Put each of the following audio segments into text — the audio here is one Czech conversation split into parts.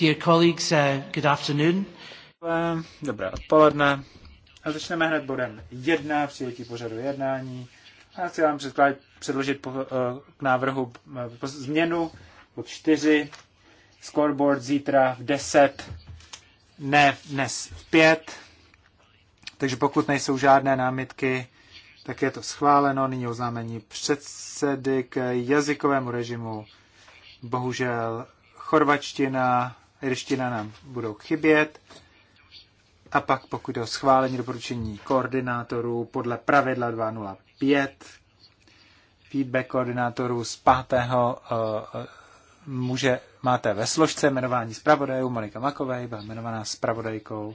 Dear colleagues, uh, good afternoon. Dobré odpoledne. A začneme hned bodem jedna přijetí pořadu jednání. A chci vám předložit po, uh, k návrhu uh, změnu bod 4, scoreboard zítra v 10, ne dnes v 5. Takže pokud nejsou žádné námitky, tak je to schváleno. Nyní oznámení předsedy k jazykovému režimu. Bohužel chorvačtina, irština nám budou chybět. A pak pokud je o schválení doporučení koordinátorů podle pravidla 205, feedback koordinátorů z 5. Eh, eh, může, máte ve složce jmenování zpravodajů. Monika Makovej byla jmenovaná zpravodajkou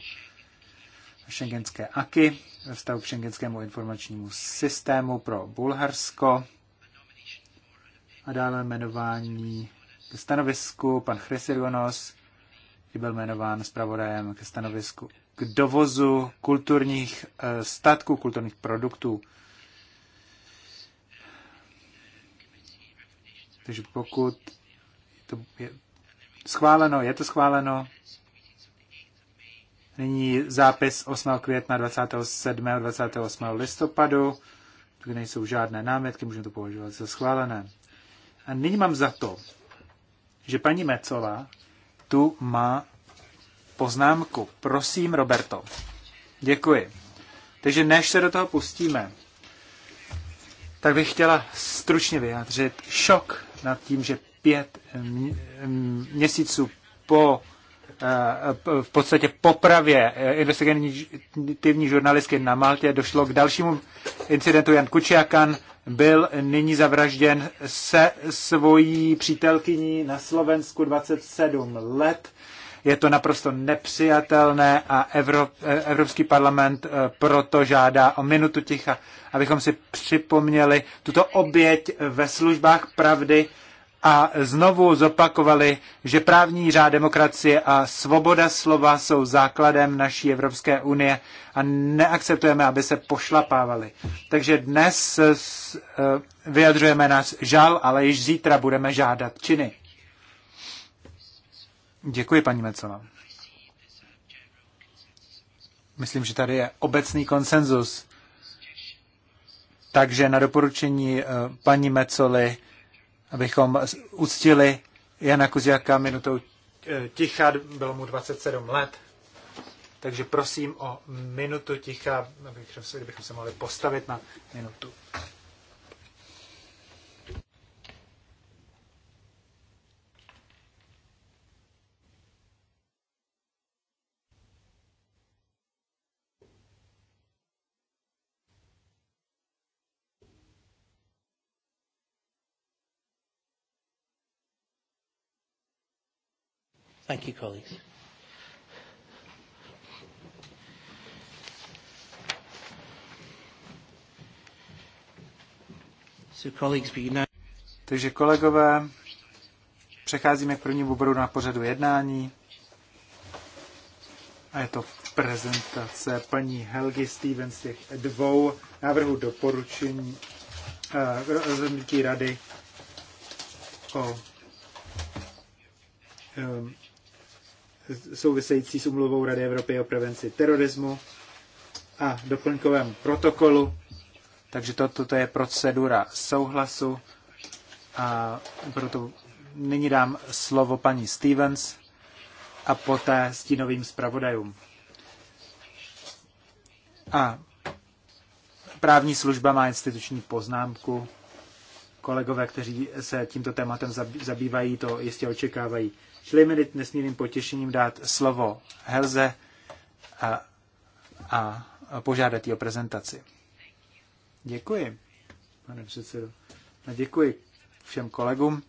šengenské AKY ve vztahu k šengenskému informačnímu systému pro Bulharsko a dále jmenování ke stanovisku pan Chrysilionos i byl jmenován zpravodajem ke stanovisku k dovozu kulturních eh, statků, kulturních produktů. Takže pokud to je schváleno, je to schváleno. Nyní zápis 8. května 27. a 28. listopadu. Tu nejsou žádné námětky, můžeme to považovat za schválené. A nyní mám za to, že paní Mecová tu má poznámku. Prosím, Roberto. Děkuji. Takže než se do toho pustíme, tak bych chtěla stručně vyjádřit šok nad tím, že pět měsíců po Eh, v podstatě popravě eh, investigativní žurnalistky na Maltě došlo k dalšímu incidentu. Jan Kučiakan byl nyní zavražděn se svojí přítelkyní na Slovensku 27 let. Je to naprosto nepřijatelné a eh, Evropský parlament proto žádá o minutu ticha, abychom si připomněli tuto oběť ve službách pravdy a znovu zopakovali, že právní řád demokracie a svoboda slova jsou základem naší Evropské unie a neakceptujeme, aby se pošlapávali. Takže dnes eh, vyjadřujeme nás žal, ale již zítra budeme žádat činy. Děkuji, paní Mecová. Myslím, že tady je obecný konsenzus. Takže na doporučení eh, paní Mecoli abychom uctili Jana Kuziaka minutou eh, ticha, bylo mu 27 let. Takže prosím o minutu ticha, abychom se mohli postavit na minutu Thank you, colleagues. So, colleagues, we now... Takže kolegové, přecházíme k prvnímu bodu na pořadu jednání. A je to prezentace paní Helgi Stevens těch dvou návrhů doporučení eh, rozhodnutí rady o eh, související s umluvou Rady Evropy o prevenci terorismu a doplňkovém protokolu. Takže toto to je procedura souhlasu a proto nyní dám slovo paní Stevens a poté stínovým zpravodajům. A právní služba má instituční poznámku kolegové, kteří se tímto tématem zabývají, to jistě očekávají. Šli mi nesmírným potěšením dát slovo Helze a, a požádat ji o prezentaci. Děkuji, pane předsedo. A děkuji všem kolegům.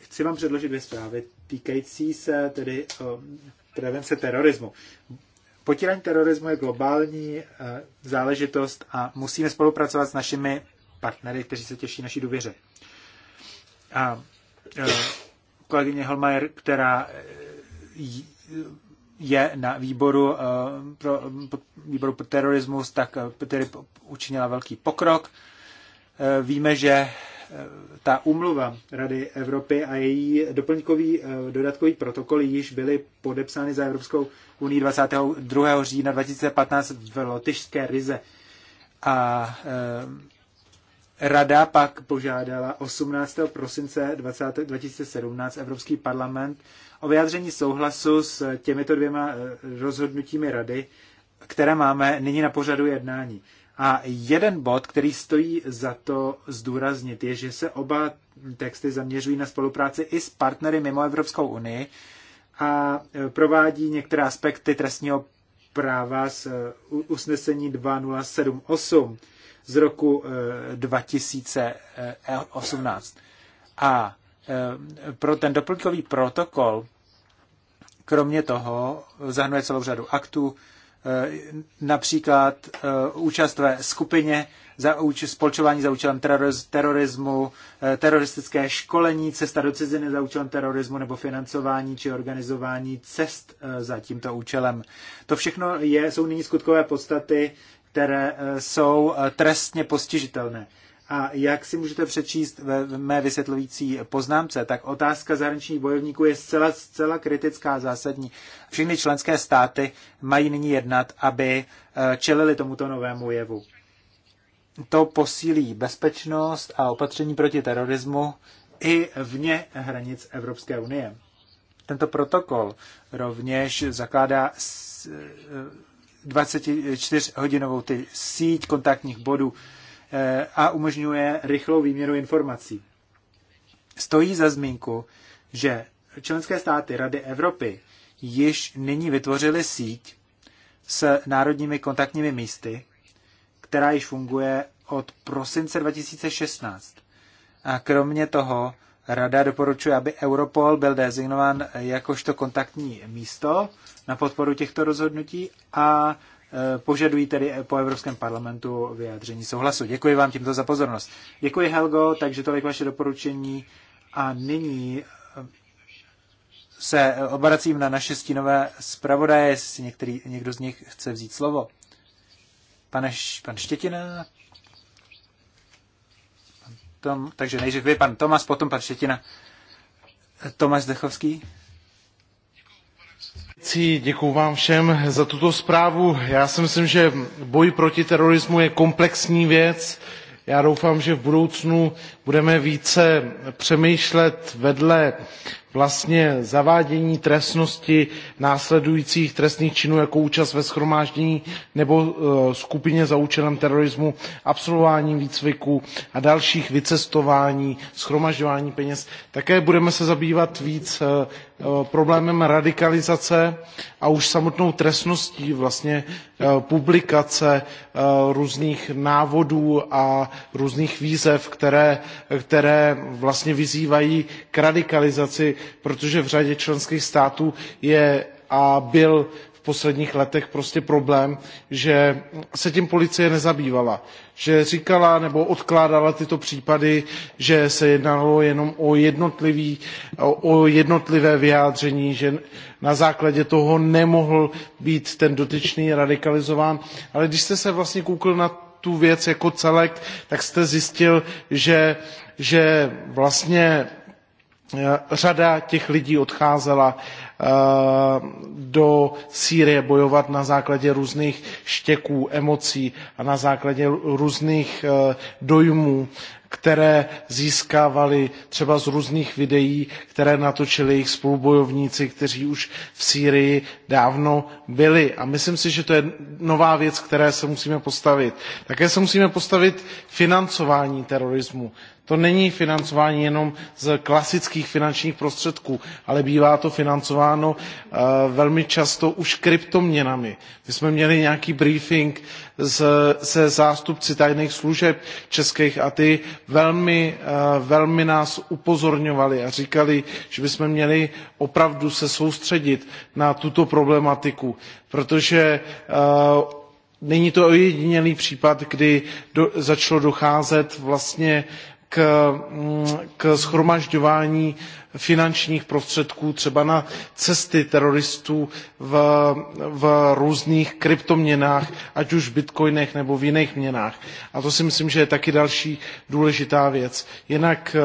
Chci vám předložit dvě zprávy týkající se tedy o prevence terorismu. Potírání terorismu je globální eh, záležitost a musíme spolupracovat s našimi partnery, kteří se těší naší důvěře. A e, kolegyně Holmajer, která e, je na výboru e, pro, výboru pro terorismus, tak tedy učinila velký pokrok. Víme, že ta umluva Rady Evropy a její doplňkový dodatkový protokol již byly podepsány za Evropskou unii 22. října 2015 v Lotyšské Rize. A Rada pak požádala 18. prosince 20, 2017 Evropský parlament o vyjádření souhlasu s těmito dvěma eh, rozhodnutími rady, které máme nyní na pořadu jednání. A jeden bod, který stojí za to zdůraznit, je, že se oba texty zaměřují na spolupráci i s partnery mimo Evropskou unii a eh, provádí některé aspekty trestního práva z eh, usnesení 2078 z roku 2018. Eh, eh, A eh, pro ten doplňkový protokol, kromě toho, zahrnuje celou řadu aktů, například účast ve skupině za úč- spolčování za účelem terorismu, teroristické školení, cesta do ciziny za účelem terorismu nebo financování či organizování cest za tímto účelem. To všechno je, jsou nyní skutkové podstaty které eh, jsou eh, trestně postižitelné. A jak si můžete přečíst ve mé vysvětlující poznámce, tak otázka zahraničních bojovníků je zcela, zcela kritická a zásadní. Všechny členské státy mají nyní jednat, aby eh, čelili tomuto novému jevu. To posílí bezpečnost a opatření proti terorismu i vně hranic Evropské unie. Tento protokol rovněž zakládá 24-hodinovou síť kontaktních bodů eh, a umožňuje rychlou výměru informací. Stojí za zmínku, že členské státy Rady Evropy již nyní vytvořily síť s národními kontaktními místy, která již funguje od prosince 2016. A kromě toho Rada doporučuje, aby Europol byl designován jakožto kontaktní místo na podporu těchto rozhodnutí a e, požadují tedy po Evropském parlamentu vyjádření souhlasu. Děkuji vám tímto za pozornost. Děkuji Helgo, takže tolik vaše doporučení a nyní e, se obracím na naše stínové zpravodaje, jestli některý, někdo z nich chce vzít slovo. Pane, pan Štětina, tom, takže nejdřív vy, pan Tomas, potom pan Štětina. Tomas Dechovský. Děkuji vám všem za tuto zprávu. Já si myslím, že boj proti terorismu je komplexní věc. Já doufám, že v budoucnu budeme více přemýšlet vedle vlastně zavádění trestnosti následujících trestných činů jako účast ve schromáždění nebo e, skupině za účelem terorismu, absolvování výcviku a dalších vycestování, schromažďování peněz. Také budeme se zabývat víc e, e, problémem radikalizace a už samotnou trestností vlastně publikace různých návodů a různých výzev, které, které vlastně vyzývají k radikalizaci protože v řadě členských států je a byl v posledních letech prostě problém, že se tím policie nezabývala, že říkala nebo odkládala tyto případy, že se jednalo jenom o, o jednotlivé vyjádření, že na základě toho nemohl být ten dotyčný radikalizován. Ale když jste se vlastně koukl na tu věc jako celek, tak jste zjistil, že, že vlastně Eh, řada těch lidí odcházela eh, do Sýrie bojovat na základě různých štěků, emocí a na základě různých eh, dojmů které získávali třeba z různých videí, které natočili jejich spolubojovníci, kteří už v Sýrii dávno byli. A myslím si, že to je nová věc, které se musíme postavit. Také se musíme postavit financování terorismu. To není financování jenom z klasických finančních prostředků, ale bývá to financováno eh, velmi často už kryptoměnami. My jsme měli nějaký briefing se zástupci tajných služeb českých a ty velmi, eh, velmi nás upozorňovali a říkali, že bychom měli opravdu se soustředit na tuto problematiku, protože eh, Není to ojedinělý případ, kdy do, začalo docházet vlastně k, mm, k schromažďování finančních prostředků třeba na cesty teroristů v, v různých kryptoměnách, ať už v bitcoinech nebo v jiných měnách. A to si myslím, že je taky další důležitá věc. Jinak eh,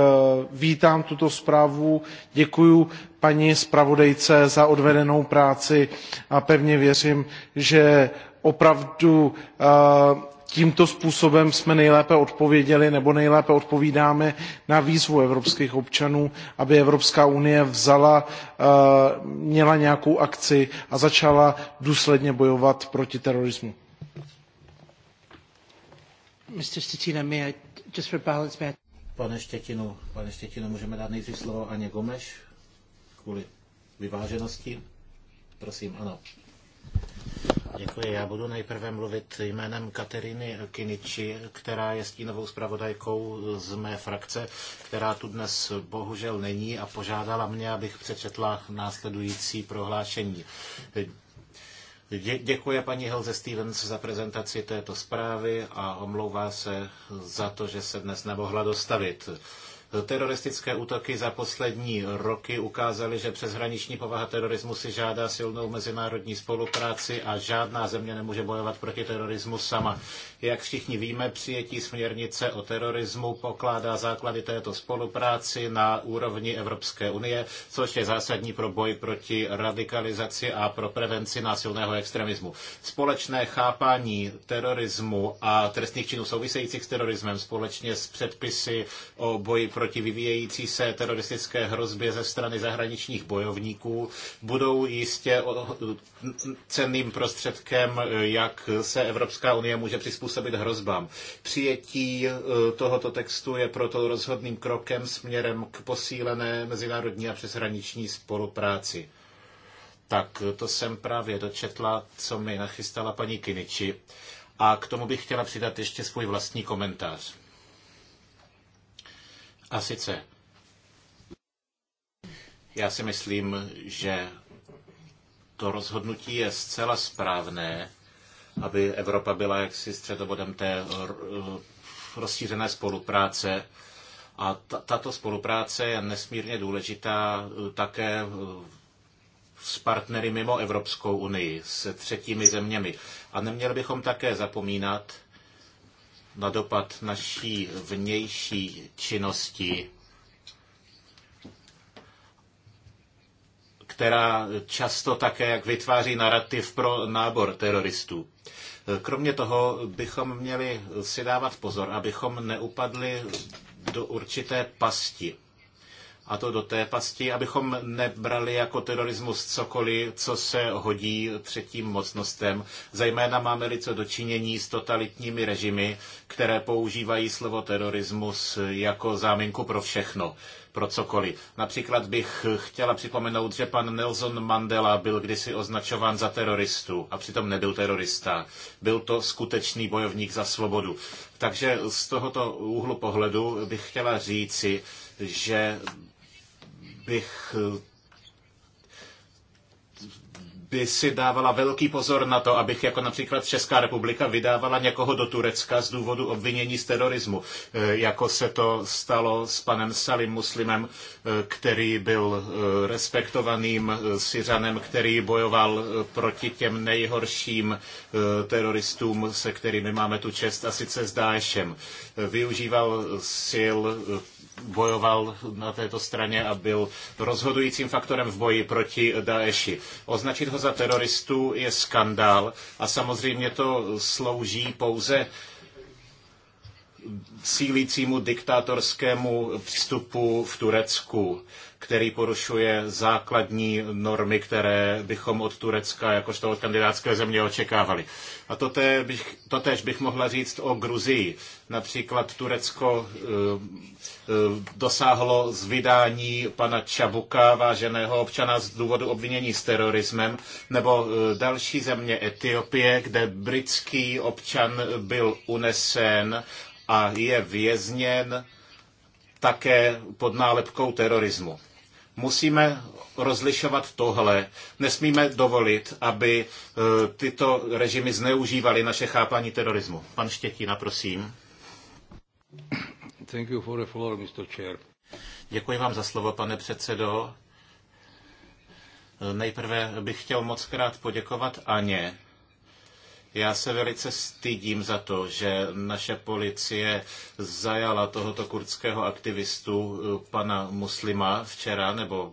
vítám tuto zprávu, děkuji paní zpravodajce za odvedenou práci a pevně věřím, že opravdu eh, tímto způsobem jsme nejlépe odpověděli nebo nejlépe odpovídáme na výzvu evropských občanů aby evropská unie vzala, eh, měla nějakou akci a začala důsledně bojovat proti terorismu. Pane Štětino, pane Štětino, můžeme dát nejdřív slovo Aně Gomeš kvůli vyváženosti? Prosím, ano. Děkuji. Já budu nejprve mluvit jménem Kateriny Kiniči, která je stínovou zpravodajkou z mé frakce, která tu dnes bohužel není a požádala mě, abych přečetla následující prohlášení. Dě- děkuje paní Helze Stevens za prezentaci této zprávy a omlouvá se za to, že se dnes nemohla dostavit. Teroristické útoky za poslední roky ukázaly, že přeshraniční povaha terorismu si žádá silnou mezinárodní spolupráci a žádná země nemůže bojovat proti terorismu sama. Jak všichni víme, přijetí směrnice o terorismu pokládá základy této spolupráci na úrovni Evropské unie, což je zásadní pro boj proti radikalizaci a pro prevenci násilného extremismu. Společné chápání terorismu a trestných činů souvisejících s terorismem společně s předpisy o boji proti vyvíjející se teroristické hrozbě ze strany zahraničních bojovníků budou jistě cenným prostředkem, jak se Evropská unie může přizpůsobit hrozbám. Přijetí e, tohoto textu je proto rozhodným krokem směrem k posílené mezinárodní a přeshraniční spolupráci. Tak to jsem právě dočetla, co mi nachystala paní Kiniči. A k tomu bych chtěla přidat ještě svůj vlastní komentář. A sice, já si myslím, že to rozhodnutí je zcela správné, aby Evropa byla jaksi středobodem té eh, rozšířené spolupráce. A tato spolupráce je nesmírně důležitá eh, také eh, s partnery mimo Evropskou unii, se třetími zeměmi. A neměli bychom také zapomínat, na dopad naší vnější činnosti, která často také jak vytváří narrativ pro nábor teroristů. Kromě toho bychom měli si dávat pozor, abychom neupadli do určité pasti a to do té pasti, abychom nebrali jako terorismus cokoliv, co se hodí třetím mocnostem. Zejména máme-li co dočinění s totalitními režimy, které používají slovo terorismus jako záminku pro všechno pro cokoliv. Například bych chtěla připomenout, že pan Nelson Mandela byl kdysi označován za teroristu a přitom nebyl terorista. Byl to skutečný bojovník za svobodu. Takže z tohoto úhlu pohledu bych chtěla říci, že bych eh, by si dávala velký pozor na to, abych jako například Česká republika vydávala někoho do Turecka z důvodu obvinění z terorismu, eh, jako se to stalo s panem Salim Muslimem, eh, který byl eh, respektovaným Syřanem, který bojoval proti těm nejhorším teroristům, se kterými máme tu čest, a sice s Dáešem. Využíval sil bojoval na této straně a byl rozhodujícím faktorem v boji proti Daeši. Označit ho za za teroristů je skandál a samozřejmě to slouží pouze sílícímu diktátorskému přístupu v Turecku který porušuje základní normy, které bychom od Turecka jakožto od kandidátské země očekávali. A toté bych, totéž bych mohla říct o Gruzii. Například Turecko eh, eh, dosáhlo z vydání pana Čabuka, váženého občana z důvodu obvinění s terorismem, nebo eh, další země Etiopie, kde britský občan byl unesen a je vězněn také pod nálepkou terorismu. Musíme rozlišovat tohle. Nesmíme dovolit, aby e, tyto režimy zneužívaly naše chápání terorismu. Pan Štětina, prosím. Thank you for the floor, Mr. Chair. Děkuji vám za slovo, pane předsedo. E, nejprve bych chtěl moc krát poděkovat Aně já se velice stydím za to, že naše policie zajala tohoto kurdského aktivistu, eh, pana muslima, včera nebo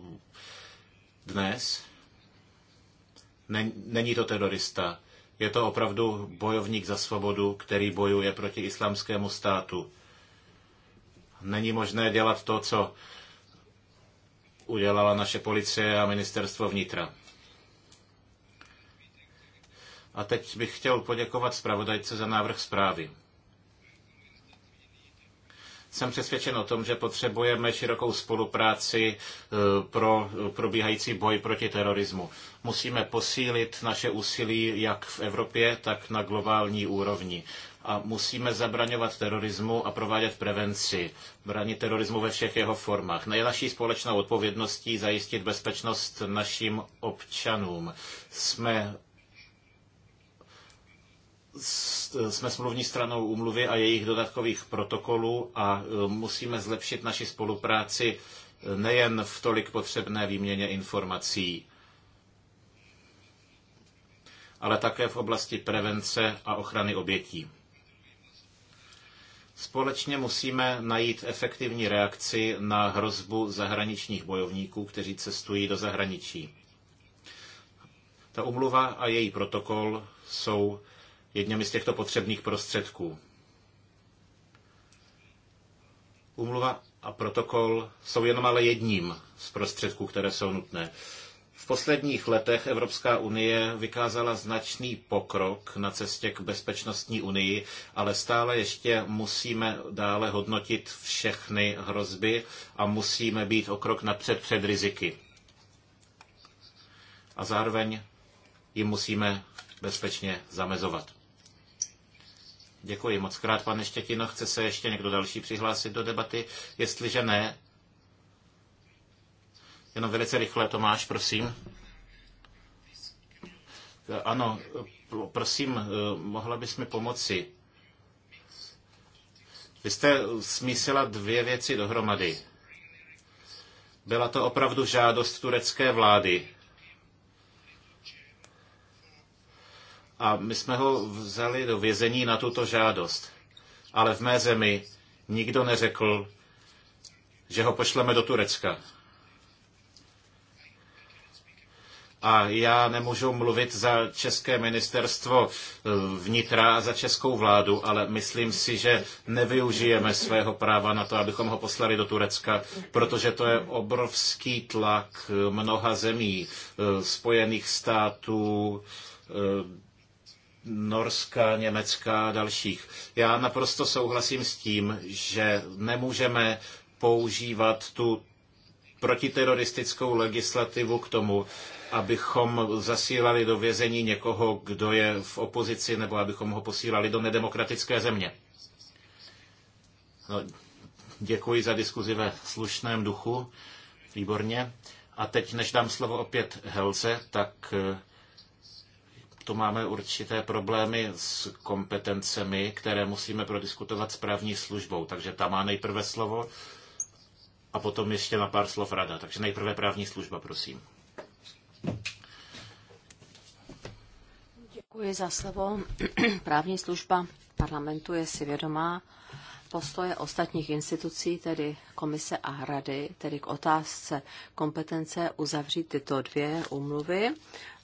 dnes. Není to terorista. Je to opravdu bojovník za svobodu, který bojuje proti islámskému státu. Není možné dělat to, co udělala naše policie a ministerstvo vnitra. A teď bych chtěl poděkovat zpravodajce za návrh zprávy. Jsem přesvědčen o tom, že potřebujeme širokou spolupráci e, pro probíhající boj proti terorismu. Musíme posílit naše úsilí jak v Evropě, tak na globální úrovni a musíme zabraňovat terorismu a provádět prevenci. Bránit terorismu ve všech jeho formách. Je naší společnou odpovědností zajistit bezpečnost našim občanům. Jsme jsme smluvní stranou úmluvy a jejich dodatkových protokolů a e, musíme zlepšit naši spolupráci e, nejen v tolik potřebné výměně informací, ale také v oblasti prevence a ochrany obětí. Společně musíme najít efektivní reakci na hrozbu zahraničních bojovníků, kteří cestují do zahraničí. Ta umluva a její protokol jsou jedněmi z těchto potřebných prostředků. Umluva a protokol jsou jenom ale jedním z prostředků, které jsou nutné. V posledních letech Evropská unie vykázala značný pokrok na cestě k bezpečnostní unii, ale stále ještě musíme dále hodnotit všechny hrozby a musíme být o krok napřed před riziky. A zároveň jim musíme bezpečně zamezovat. Děkuji moc krát, pane Štětino. Chce se ještě někdo další přihlásit do debaty? Jestliže ne, jenom velice rychle, Tomáš, prosím. Ano, prosím, eh, mohla bys mi pomoci. Vy jste smísila dvě věci dohromady. Byla to opravdu žádost turecké vlády a my jsme ho vzali do vězení na tuto žádost. Ale v mé zemi nikdo neřekl, že ho pošleme do Turecka. a já nemůžu mluvit za České ministerstvo eh, vnitra a za českou vládu, ale myslím si, že nevyužijeme svého práva na to, abychom ho poslali do Turecka, protože to je obrovský tlak mnoha zemí, eh, Spojených států, eh, Norska, Německa a dalších. Já naprosto souhlasím s tím, že nemůžeme používat tu protiteroristickou legislativu k tomu, abychom zasílali do vězení někoho, kdo je v opozici, nebo abychom ho posílali do nedemokratické země. No, děkuji za diskuzi ve slušném duchu. Výborně. A teď, než dám slovo opět Helce, tak eh, tu máme určité problémy s kompetencemi, které musíme prodiskutovat s právní službou. Takže ta má nejprve slovo a potom ještě na pár slov rada. Takže nejprve právní služba, prosím. Děkuji za slovo. Právní služba parlamentu je si vědomá postoje ostatních institucí, tedy komise a rady, tedy k otázce kompetence uzavřít tyto dvě úmluvy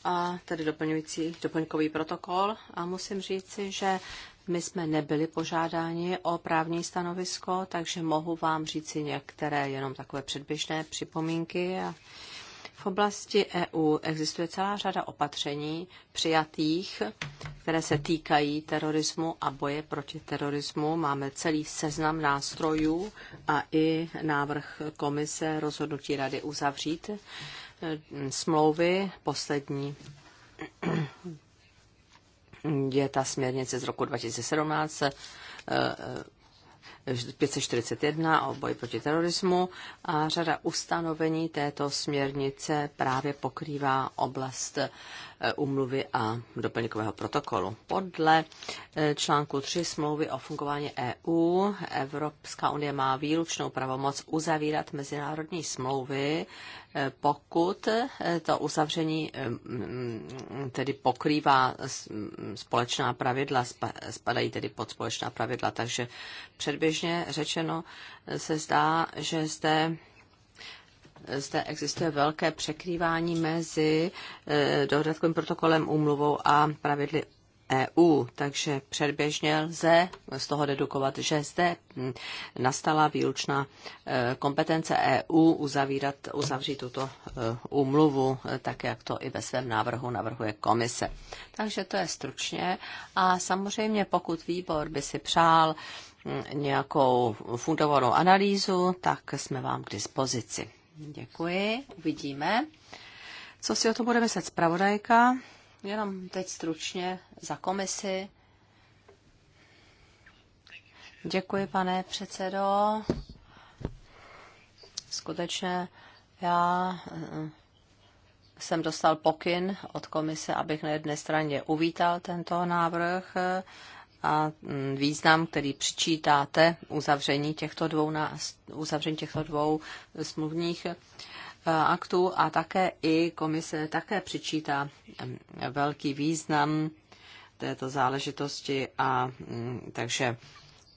a tedy doplňující, doplňkový protokol a musím říci, že my jsme nebyli požádáni o právní stanovisko, takže mohu vám říci některé jenom takové předběžné připomínky. V oblasti EU existuje celá řada opatření přijatých, které se týkají terorismu a boje proti terorismu. Máme celý seznam nástrojů a i návrh komise rozhodnutí rady uzavřít Eh, smlouvy. Poslední je ta směrnice z roku 2017 541 eh, eh, o boji proti terorismu a řada ustanovení této směrnice právě pokrývá oblast umluvy a doplňkového protokolu. Podle článku 3 smlouvy o fungování EU Evropská unie má výlučnou pravomoc uzavírat mezinárodní smlouvy pokud eh, to uzavření eh, mm, mm, tedy pokrývá mm, společná pravidla, spadají tedy pod společná pravidla. Takže předběžně řečeno eh, se zdá, že zde zde existuje velké překrývání mezi dodatkovým protokolem úmluvou a pravidly EU, takže předběžně lze z toho dedukovat, že zde hm, nastala výlučná e, kompetence EU uzavírat, uzavřít tuto e, úmluvu, e, tak jak to i ve svém návrhu navrhuje komise. Takže to je stručně a samozřejmě pokud výbor by si přál hm, nějakou fundovanou analýzu, tak jsme vám k dispozici. Děkuji, uvidíme. Co si o to bude myslet zpravodajka? Jenom teď stručně za komisi. Děkuji, pane předsedo. Skutečně já eh, jsem dostal pokyn od komise, abych na jedné straně uvítal tento návrh eh, a mm, význam, který přičítáte uzavření těchto dvou, uzavření těchto dvou smluvních aktů a také i komise také přičítá velký význam této záležitosti a mm, takže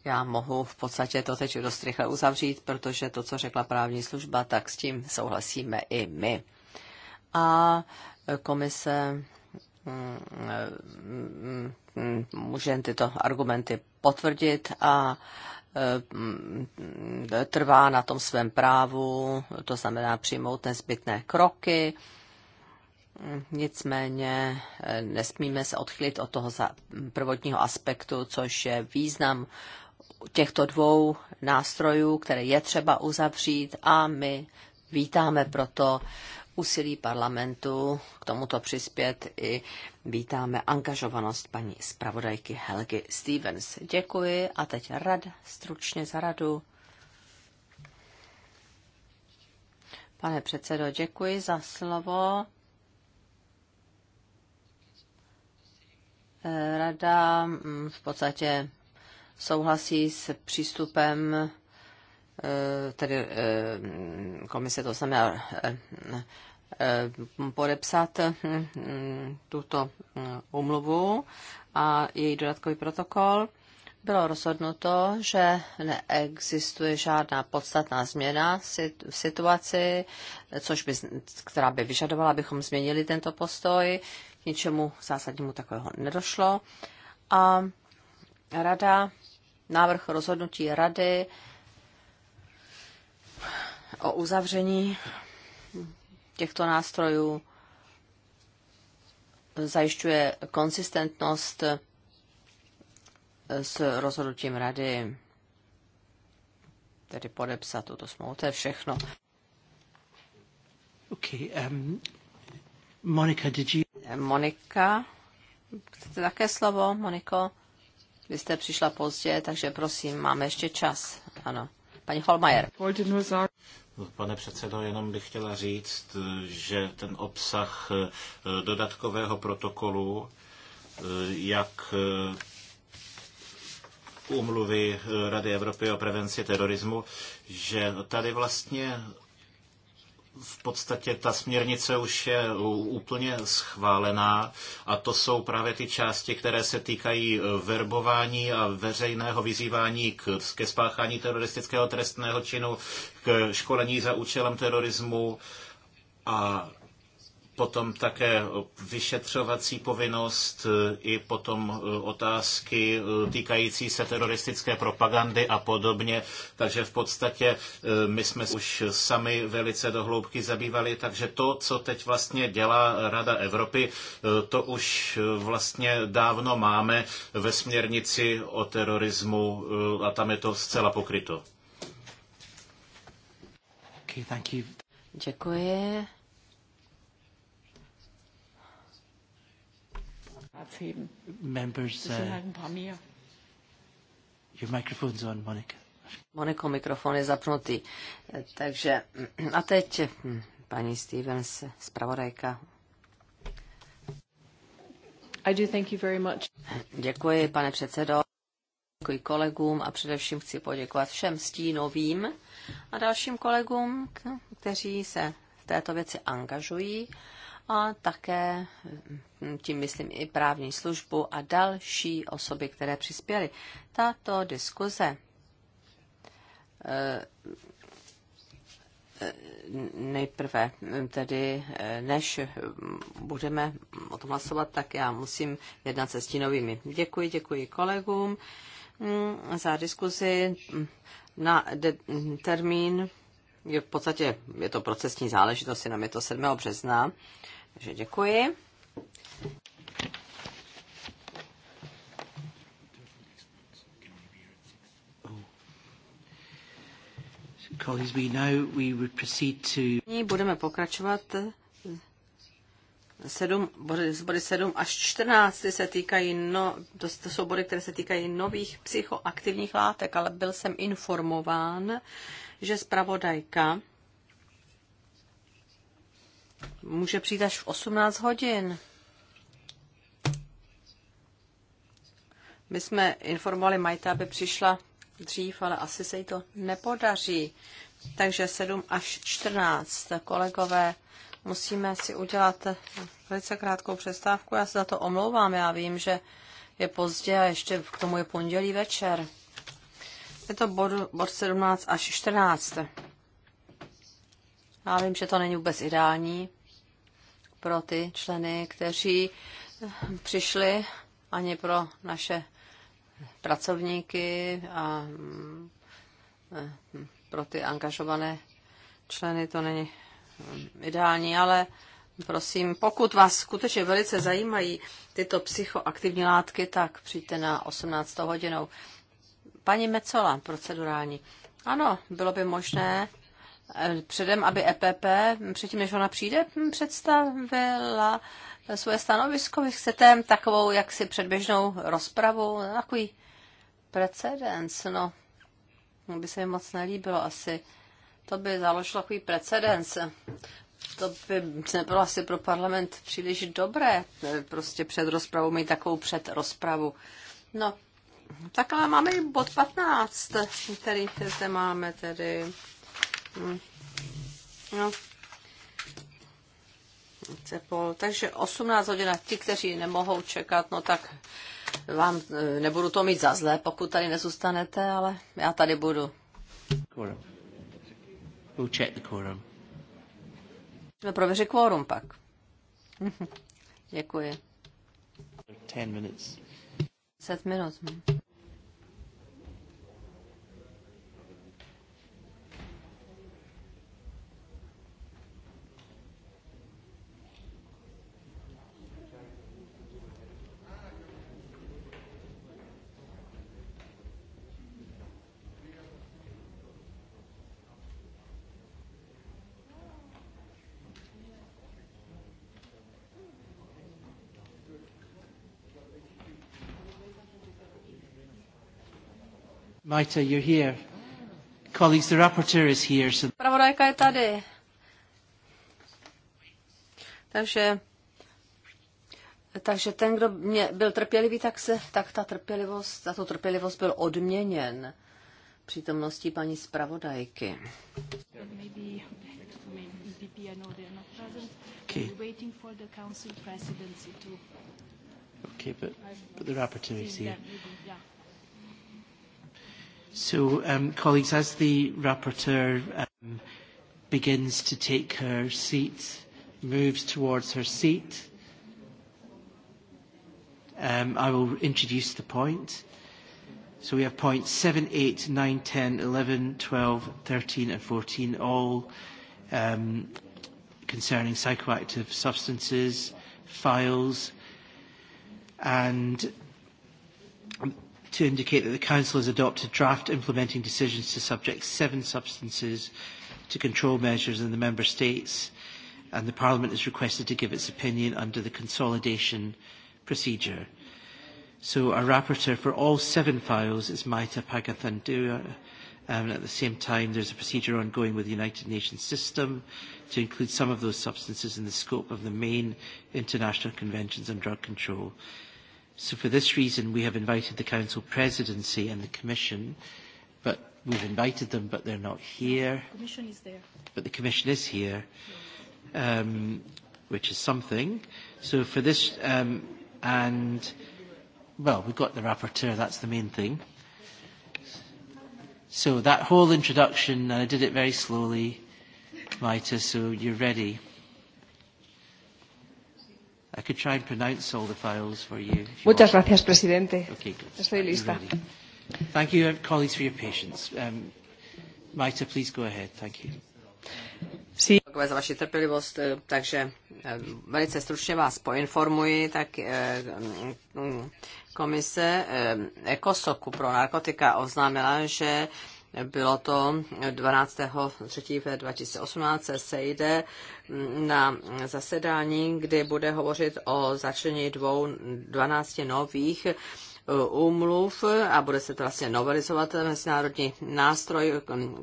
já mohu v podstatě to teď dost rychle uzavřít, protože to, co řekla právní služba, tak s tím souhlasíme i my. A komise mm, mm, může tyto argumenty potvrdit a Eh, trvá na tom svém právu, to znamená přijmout nezbytné kroky. Nicméně eh, nesmíme se odchylit od toho prvotního aspektu, což je význam těchto dvou nástrojů, které je třeba uzavřít a my vítáme proto úsilí parlamentu k tomuto přispět i vítáme angažovanost paní zpravodajky Helgy Stevens. Děkuji a teď rad, stručně za radu. Pane předsedo, děkuji za slovo. Rada mm, v podstatě souhlasí s přístupem Eh, tedy eh, komise to znamená eh, podepsat tuto umluvu a její dodatkový protokol, bylo rozhodnuto, že neexistuje žádná podstatná změna v situaci, což by, která by vyžadovala, abychom změnili tento postoj. K ničemu zásadnímu takového nedošlo. A rada, návrh rozhodnutí rady o uzavření těchto nástrojů zajišťuje konsistentnost s rozhodnutím rady, tedy podepsat tuto smlouvu. To je všechno. Okay, um, Monika, did you... Monika, chcete také slovo, Moniko? Vy jste přišla pozdě, takže prosím, máme ještě čas. Ano. Paní Holmajer. Pane předsedo, jenom bych chtěla říct, že ten obsah eh, dodatkového protokolu, eh, jak eh, umluvy Rady Evropy o prevenci terorismu, že tady vlastně v podstatě ta směrnice už je úplně schválená a to jsou právě ty části, které se týkají e, verbování a veřejného vyzývání k, ke spáchání teroristického trestného činu, k školení za účelem terorismu a potom také vyšetřovací povinnost e, i potom e, otázky e, týkající se teroristické propagandy a podobně. Takže v podstatě my jsme už sami velice dohloubky zabývali, takže to, co teď vlastně dělá Rada Evropy, to už vlastně dávno máme ve směrnici o terorismu a tam je to zcela pokryto. Okay, Děkuji. abheben. Members, das sind äh, halt ein paar mehr. Your microphone's on, Monica. Moniko, mikrofon je zapnutý. Eh, takže a teď hm, paní Stevens, zpravodajka. I do thank you very much. Děkuji, pane předsedo. Děkuji kolegům a především chci poděkovat všem stínovým a dalším kolegům, kteří se v této věci angažují a také hm, tím myslím i právní službu a další osoby, které přispěly. Tato diskuze eh, eh, nejprve, hm, tedy eh, než budeme o tom hlasovat, tak já musím jednat se stínovými. Děkuji, děkuji kolegům hm, za diskuzi na termín je v podstatě je to procesní záležitost, jenom je to 7. března. Takže děkuji. Nyní budeme pokračovat Sedm, body, body 7 až 14 se týkají, no, to, to jsou body, které se týkají nových psychoaktivních látek, ale byl jsem informován, že zpravodajka může přijít až v 18 hodin. My jsme informovali Majta, aby přišla dřív, ale asi se jí to nepodaří. Takže 7 až 14, kolegové, musíme si udělat velice krátkou přestávku. Já se za to omlouvám, já vím, že je pozdě a ještě k tomu je pondělí večer. Je to bod, bod 17 až 14. Já vím, že to není vůbec ideální pro ty členy, kteří eh, přišli, ani pro naše pracovníky a mm, eh, pro ty angažované členy to není mm, ideální, ale prosím, pokud vás skutečně velice zajímají tyto psychoaktivní látky, tak přijďte na 18. hodinou. Paní Mecola, procedurální. Ano, bylo by možné eh, předem, aby EPP, hm, předtím než ona přijde, hm, představila svoje stanovisko. Vy chcete takovou jaksi předběžnou rozpravu, takový precedens, no. no, by se mi moc nelíbilo asi. To by založilo takový precedens. To by nebylo asi pro parlament příliš dobré, eh, prostě před rozpravou mít takovou předrozpravu. No, tak ale máme i bod 15, který zde máme tedy. Hm. No. Takže 18 hodin a ti, kteří nemohou čekat, no tak vám eh, nebudu to mít za zlé, pokud tady nezůstanete, ale já tady budu. Quorum. We'll check the quorum. Jsme prověřit quorum pak. Děkuji. 10 minutes. 10 minut. Maita, you're here. Colleagues, the rapporteur is here. So... Pravodajka je tady. Takže, takže ten, kdo mě byl trpělivý, tak, se, tak ta trpělivost, za tu trpělivost byl odměněn přítomností paní zpravodajky. Okay. Okay, but, but the rapporteur is here. So, um, colleagues, as the rapporteur um, begins to take her seat, moves towards her seat, um, I will introduce the point. So we have points 7, 8, 9, 10, 11, 12, 13 and 14, all um, concerning psychoactive substances, files, and to indicate that the Council has adopted draft implementing decisions to subject seven substances to control measures in the Member States, and the Parliament is requested to give its opinion under the consolidation procedure. So our rapporteur for all seven files is Maita Pagathandua. Um, at the same time, there's a procedure ongoing with the United Nations system to include some of those substances in the scope of the main international conventions on drug control. So for this reason, we have invited the Council Presidency and the Commission, but we've invited them, but they're not here. The Commission is there. But the Commission is here, um, which is something. So for this, um, and, well, we've got the rapporteur, that's the main thing. So that whole introduction, and I did it very slowly, Maita, so you're ready. I could try and pronounce all the files for you. you Muchas want. gracias, presidente. Okay, good. Estoy lista. Thank you, uh, colleagues, for your patience. Um, Maita, please go ahead. Thank you. Sí. Za vaši trpělivost, eh, takže eh, velice stručně vás poinformuji, tak eh, mm, komise ECOSOKu pro narkotika oznámila, že bylo to 12. 3. 2018 se sejde na zasedání, kdy bude hovořit o začlení dvou, 12 nových e, úmluv a bude se to vlastně novelizovat mezinárodní nástroj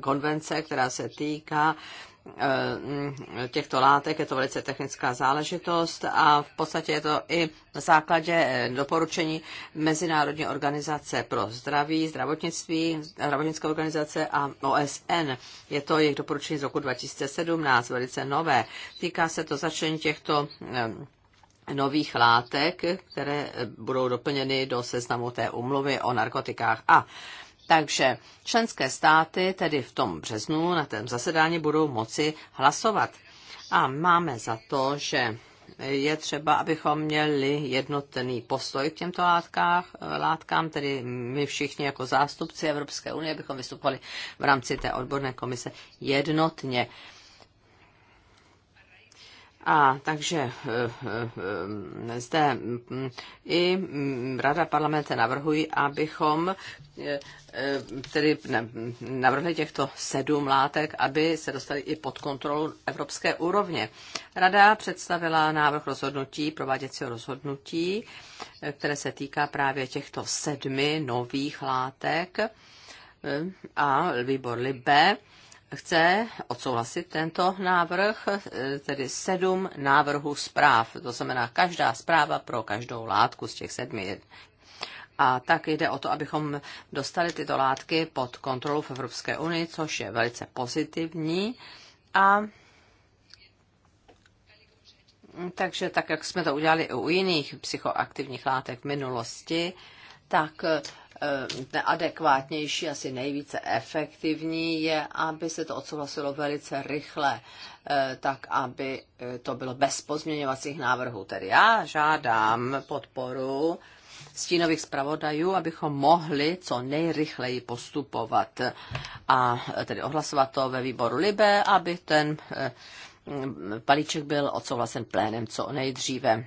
konvence, která se týká Eh, těchto látek. Je to velice technická záležitost a v podstatě je to i na základě eh, doporučení Mezinárodní organizace pro zdraví, zdravotnictví, zdravotnické organizace a OSN. Je to jejich doporučení z roku 2017, velice nové. Týká se to začlení těchto eh, nových látek, které budou doplněny do seznamu té umluvy o narkotikách. A takže členské státy tedy v tom březnu na tom zasedání budou moci hlasovat. A máme za to, že je třeba, abychom měli jednotný postoj k těmto látkách, látkám, tedy my všichni jako zástupci Evropské unie, abychom vystupovali v rámci té odborné komise jednotně. A takže eh, eh, eh, zde mm, i mm, Rada parlamente navrhují, abychom tedy navrhli těchto sedm látek, aby se dostali i pod kontrolu evropské úrovně. Rada představila návrh rozhodnutí, prováděcího rozhodnutí, které se týká právě těchto sedmi nových látek a výbor Libe chce odsouhlasit tento návrh, e, tedy sedm návrhů zpráv. To znamená každá zpráva pro každou látku z těch sedmi. A tak jde o to, abychom dostali tyto látky pod kontrolu v Evropské unii, což je velice pozitivní. A takže tak, jak jsme to udělali u jiných psychoaktivních látek v minulosti, tak Eh, adekvátnější, asi nejvíce efektivní je, aby se to odsouhlasilo velice rychle, eh, tak aby eh, to bylo bez pozměňovacích návrhů. Tedy já žádám podporu stínových zpravodajů, abychom mohli co nejrychleji postupovat a tedy ohlasovat to ve výboru Libe, aby ten palíček byl odsouhlasen plénem co nejdříve.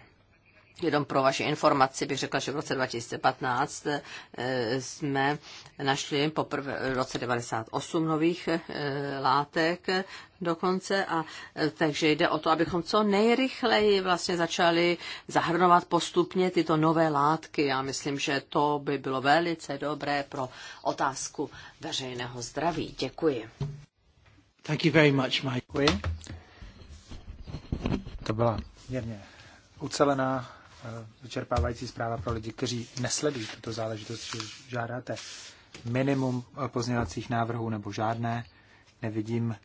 Jenom pro vaši informaci bych řekla, že v roce 2015 eh, jsme našli poprvé v roce 98 nových eh, látek dokonce. A, eh, takže jde o to, abychom co nejrychleji vlastně začali zahrnovat postupně tyto nové látky. Já myslím, že to by bylo velice dobré pro otázku veřejného zdraví. Děkuji. Thank you very much, Mike. Děkuji. To byla jemně ucelená Eh, vyčerpávající zpráva pro lidi, kteří nesledují tuto záležitost, že žádáte minimum eh, pozměňovacích návrhů nebo žádné. Nevidím,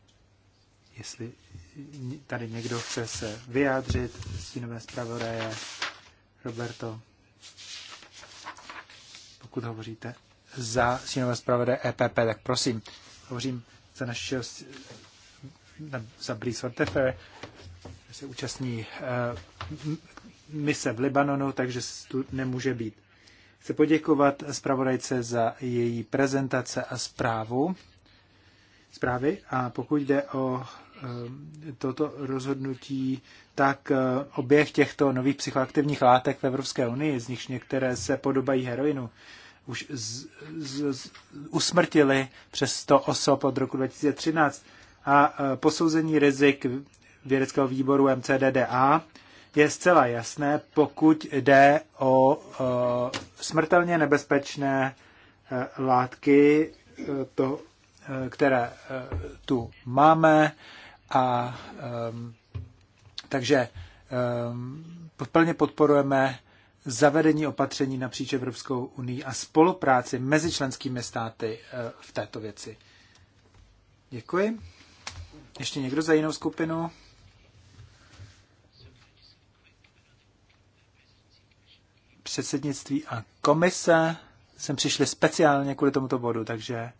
jestli tady někdo chce se vyjádřit. Stínové zpravodaje Roberto, pokud hovoříte za stínové zpravodaje EPP, tak prosím, hovořím za našeho za Brice Ortefer, se účastní eh, mise v Libanonu, takže tu nemůže být. Chci poděkovat zpravodajce za její prezentace a zprávu. Zprávy. A pokud jde o eh, toto rozhodnutí, tak eh, oběh těchto nových psychoaktivních látek v Evropské unii, z nichž některé se podobají heroinu, už z, z, z, usmrtili přes 100 osob od roku 2013 a eh, posouzení rizik vědeckého výboru MCDDA je zcela jasné, pokud jde o smrtelně nebezpečné e, látky, e, to, e, které tu máme. A takže plně podporujeme zavedení opatření napříč Evropskou unii a spolupráci mezi členskými státy v této věci. Děkuji. Ještě někdo za jinou skupinu? předsednictví a komise sem přišli speciálně kvůli tomuto bodu, takže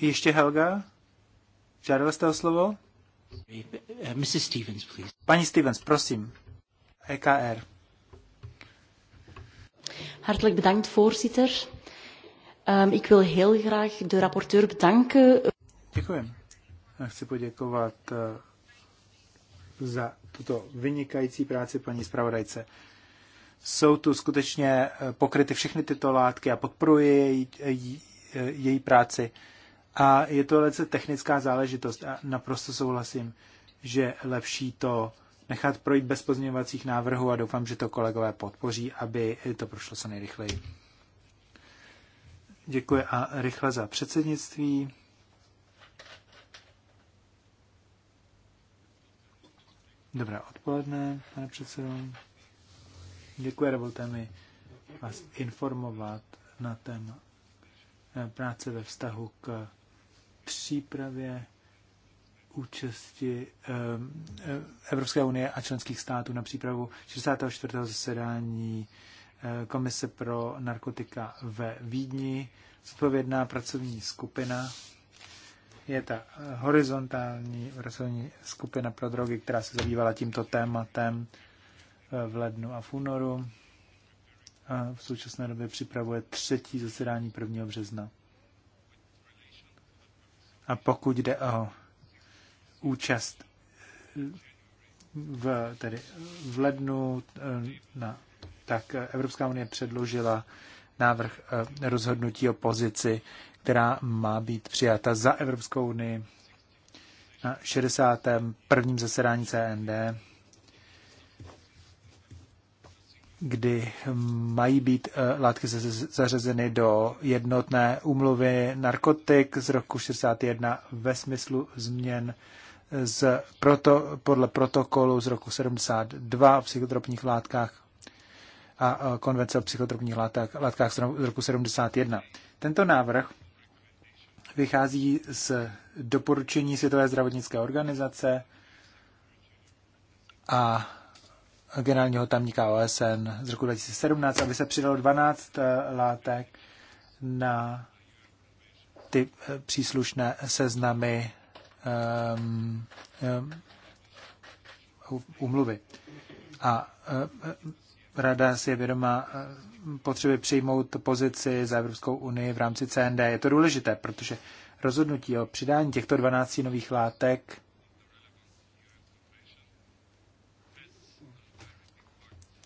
ještě Helga? Žádala jste o slovo? Mrs. Stevens, please. Paní Stevens, prosím. EKR. Hartelijk bedankt, voorzitter. Um, ik wil heel graag de rapporteur bedanken. Děkuji. Já chci poděkovat eh, za tuto vynikající práci paní zpravodajce jsou tu skutečně eh, pokryty všechny tyto látky a podporuje její, její, eh, její práci. A je to velice technická záležitost a naprosto souhlasím, že lepší to nechat projít bez pozměňovacích návrhů a doufám, že to kolegové podpoří, aby to prošlo co nejrychleji. Děkuji a rychle za předsednictví. Dobré odpoledne, pane předsedo. Děkuji, dovolte mi vás informovat na téma eh, práce ve vztahu k přípravě účasti eh, eh, Evropské unie a členských států na přípravu 64. zasedání Komise pro narkotika ve Vídni. Zodpovědná pracovní skupina je ta horizontální pracovní skupina pro drogy, která se zabývala tímto tématem v lednu a v únoru a v současné době připravuje třetí zasedání 1. března. A pokud jde o účast v, tedy v lednu, na, tak Evropská unie předložila návrh eh, rozhodnutí o pozici, která má být přijata za Evropskou unii na 61. zasedání CND kdy mají být eh, látky zařazeny do jednotné úmluvy narkotik z roku 61 ve smyslu změn z proto, podle protokolu z roku 72 o psychotropních látkách a eh, konvence o psychotropních látkách, látkách z roku 71. Tento návrh vychází z doporučení Světové zdravotnické organizace a generálního tamníka OSN z roku 2017, aby se přidalo 12 eh, látek na ty eh, příslušné seznamy um, ehm, ehm, um, umluvy. A um, Rada si je vědoma potřeby přijmout pozici za Evropskou unii v rámci CND. Je to důležité, protože rozhodnutí o přidání těchto 12 nových látek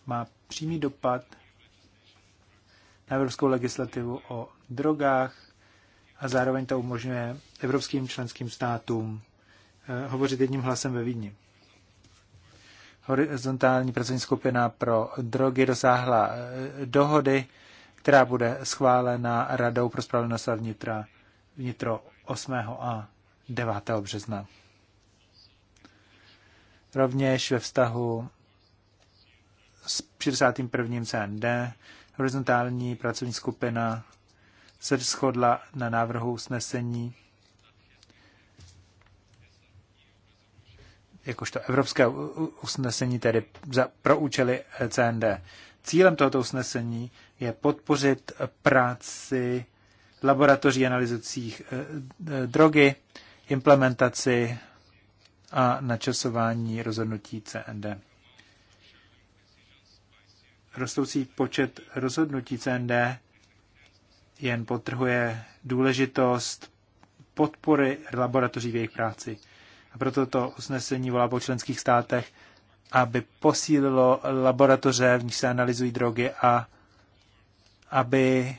má přímý dopad na evropskou legislativu o drogách a zároveň to umožňuje evropským členským státům eh, hovořit jedním hlasem ve Vídni. Horizontální pracovní skupina pro drogy dosáhla eh, dohody, která bude schválena Radou pro spravedlnost a vnitra, vnitro 8. a 9. března. Rovněž ve vztahu s 61. CND horizontální pracovní skupina se shodla na návrhu usnesení jakožto evropské usnesení, tedy za, pro účely CND. Cílem tohoto usnesení je podpořit práci laboratoří analyzujících eh, eh, drogy, implementaci a načasování rozhodnutí CND. Rostoucí počet rozhodnutí CND jen potrhuje důležitost podpory laboratoří v jejich práci. A proto to usnesení volá po členských státech, aby posílilo laboratoře, v nich se analyzují drogy a aby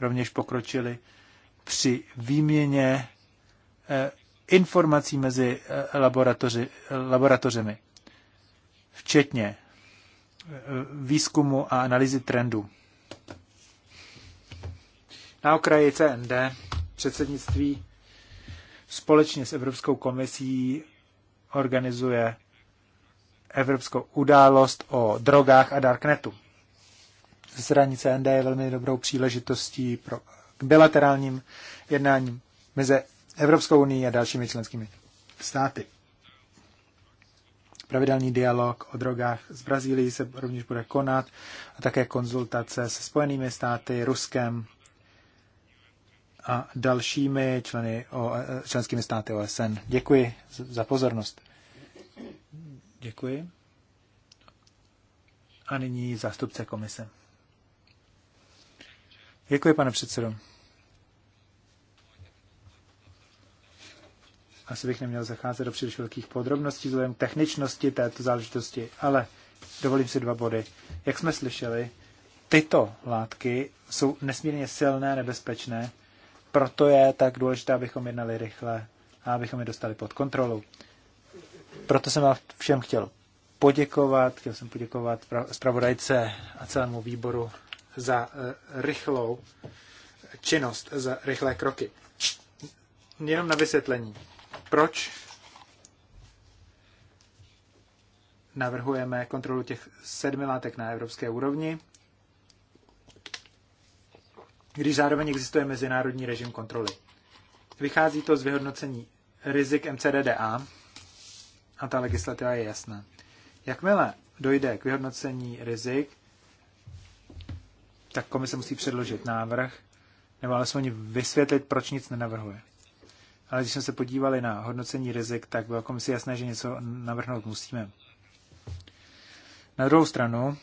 rovněž pokročili při výměně eh, informací mezi eh, laboratoři, laboratořemi, včetně výzkumu a analýzy trendů. Na okraji CND předsednictví společně s Evropskou komisí organizuje evropskou událost o drogách a darknetu. Zasedání CND je velmi dobrou příležitostí pro k bilaterálním jednáním mezi Evropskou unii a dalšími členskými státy. Pravidelný dialog o drogách z Brazílii se rovněž bude konat a také konzultace se Spojenými státy, Ruskem a dalšími členy o, členskými státy OSN. Děkuji za pozornost. Děkuji. A nyní zástupce komise. Děkuji, pane předsedo. Asi bych neměl zacházet do příliš velkých podrobností vzhledem techničnosti této záležitosti, ale dovolím si dva body. Jak jsme slyšeli, tyto látky jsou nesmírně silné a nebezpečné, proto je tak důležité, abychom jednali rychle a abychom je dostali pod kontrolu. Proto jsem vám všem chtěl poděkovat, chtěl jsem poděkovat zpravodajce a celému výboru za eh, rychlou činnost, za rychlé kroky. Jenom na vysvětlení proč navrhujeme kontrolu těch sedmi látek na evropské úrovni, když zároveň existuje mezinárodní režim kontroly. Vychází to z vyhodnocení rizik MCDDA a ta legislativa je jasná. Jakmile dojde k vyhodnocení rizik, tak komise musí předložit návrh, nebo alespoň vysvětlit, proč nic nenavrhuje. Ale když jsme se podívali na hodnocení rizik, tak bylo komisi jasné, že něco navrhnout musíme. Na druhou stranu,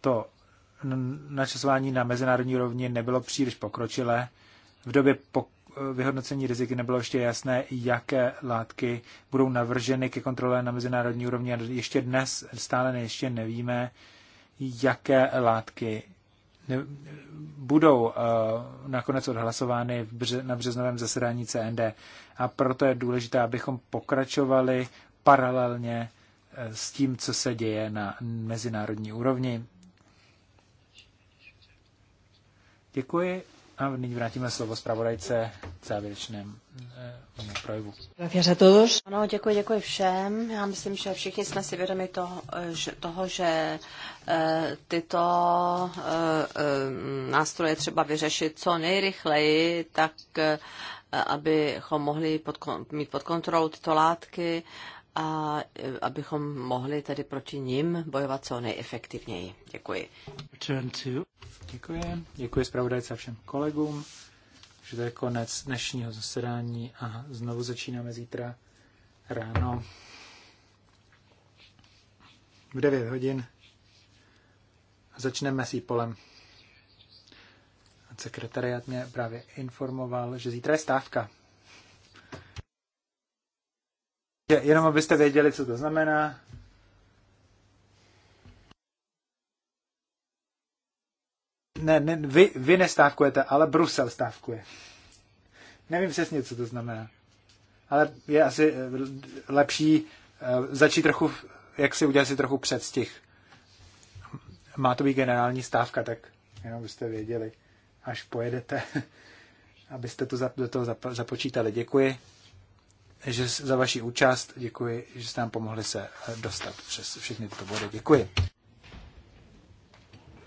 to načasování na mezinárodní rovni nebylo příliš pokročilé. V době po vyhodnocení riziky nebylo ještě jasné, jaké látky budou navrženy ke kontrole na mezinárodní úrovni. A ještě dnes stále ještě nevíme, jaké látky ne, budou uh, nakonec odhlasovány v bře, na březnovém zasedání CND. A proto je důležité, abychom pokračovali paralelně eh, s tím, co se děje na mezinárodní úrovni. Děkuji a nyní vrátíme slovo zpravodajce k závěrečnému eh, projevu. Ano, děkuji, děkuji všem. Já myslím, že všichni jsme si vědomi toho, eh, že, toho, že eh, tyto eh, eh, nástroje třeba vyřešit co nejrychleji, tak eh, abychom mohli pod, mít pod kontrolou tyto látky. Eh, a e, abychom mohli tedy proti ním bojovat co nejefektivněji. Děkuji. Return to. Děkuji. Děkuji zpravodajce a všem kolegům, že to je konec dnešního zasedání a znovu začínáme zítra ráno v 9 hodin a začneme s polem. Sekretariat mě právě informoval, že zítra je stávka. Je, jenom abyste věděli, co to znamená. Ne, ne vy, vy nestávkujete, ale Brusel stávkuje. Nevím přesně, co to znamená. Ale je asi eh, lepší eh, začít trochu, jak si udělat si trochu předstih. Má to být generální stávka, tak jenom byste věděli, až pojedete, abyste to do toho započítali. Děkuji že za vaši účast. Děkuji, že jste nám pomohli se eh, dostat přes všechny tyto body. Děkuji.